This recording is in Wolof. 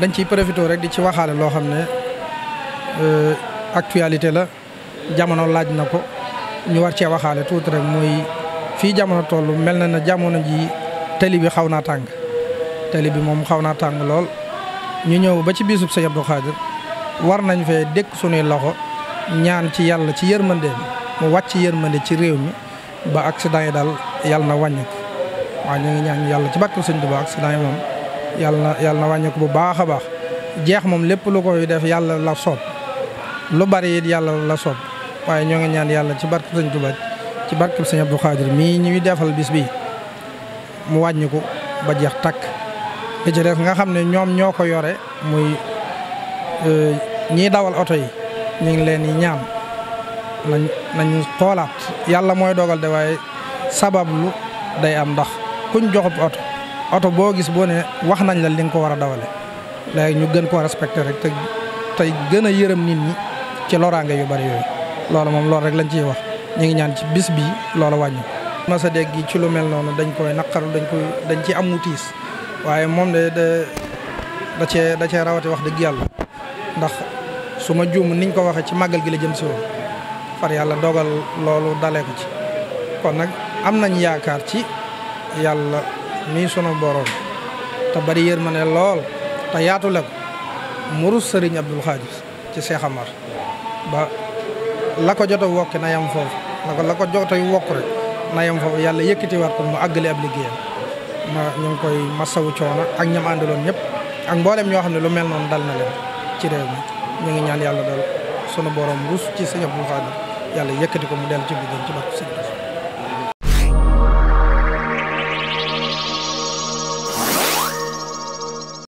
dañ ciy profité rek di ci waxaale loo xam ne euh, actualité la jamono laaj na ko ñu war cee waxaale tuuti rek muy fii jamono toll mel na ne jamono ji tali bi xaw naa tàng tali bi moom xaw naa tàng lool ñu ñëw ba ci bisub Sëñ Abdou Khadir war nañ fa dékk sunuy loxo ñaan ci yàlla ci yërmande mu wàcc yërmande ci réew mi ba accident yi daal yàlla na wàññi ko waaw ñu ngi ñaan yàlla ci bàkku Sëñ ba accident yi moom yàlla na yàlla na wàññi ko bu baax a baax jeex moom lépp lu koy def yàlla la soob lu bari yàlla la soob waaye ñoo ngi ñaan yàlla ci barke Sëñ Tuubaa ci barke Sëñ bu Khadir mii ñuy defal bis bi mu wàññi ko ba jeex takk li ci nga xam ne ñoom ñoo ko yore muy e, ñiy dawal oto yi ñu ngi leen yi ñaam nañ nañu xoolaat yàlla mooy dogal de waaye lu day am ndax kuñ joxub oto oto boo gis boo ne wax nañ la li nga ko war a dawale léegi ñu gën koo respecté rek te tey gën a yërëm nit ñi ci loraange yu bari yooyu loolu moom loolu rek lañ ciy wax ñu ngi ñaan ci bis bii loolu wàññi ma sa dégg gi ci lu noonu dañ koy naqaru dañ koy dañ ci am mu tiis waaye moom de da cee da cee rawate wax dëgg yàlla ndax su niñ ko waxee ci màggal gi la jëm si woon far yàlla dogal loolu dalee ko ci kon nag am nañ yaakaar ci yàlla mii sunu borom te bari yërmande lool te yaatu la ko murus sëriñ Abdul Xaadir ci Seex Amar ba la ko jot a wokki na yam foofu na ko la ko jot wokk rek na yem foofu yàlla yëkkatiwaat ko mu àggale ab liggéeyam ma ñu ngi koy masawu coono ak ñam àndaloon ñëpp ak mboolem ñoo xam ne lu mel noonu dal na leen ci réew mi ñu ngi ñaan yàlla dal sunu borom rus ci sëñ Abdul Xaadir yàlla yëkkati ko mu dellu ci biir ci bopp si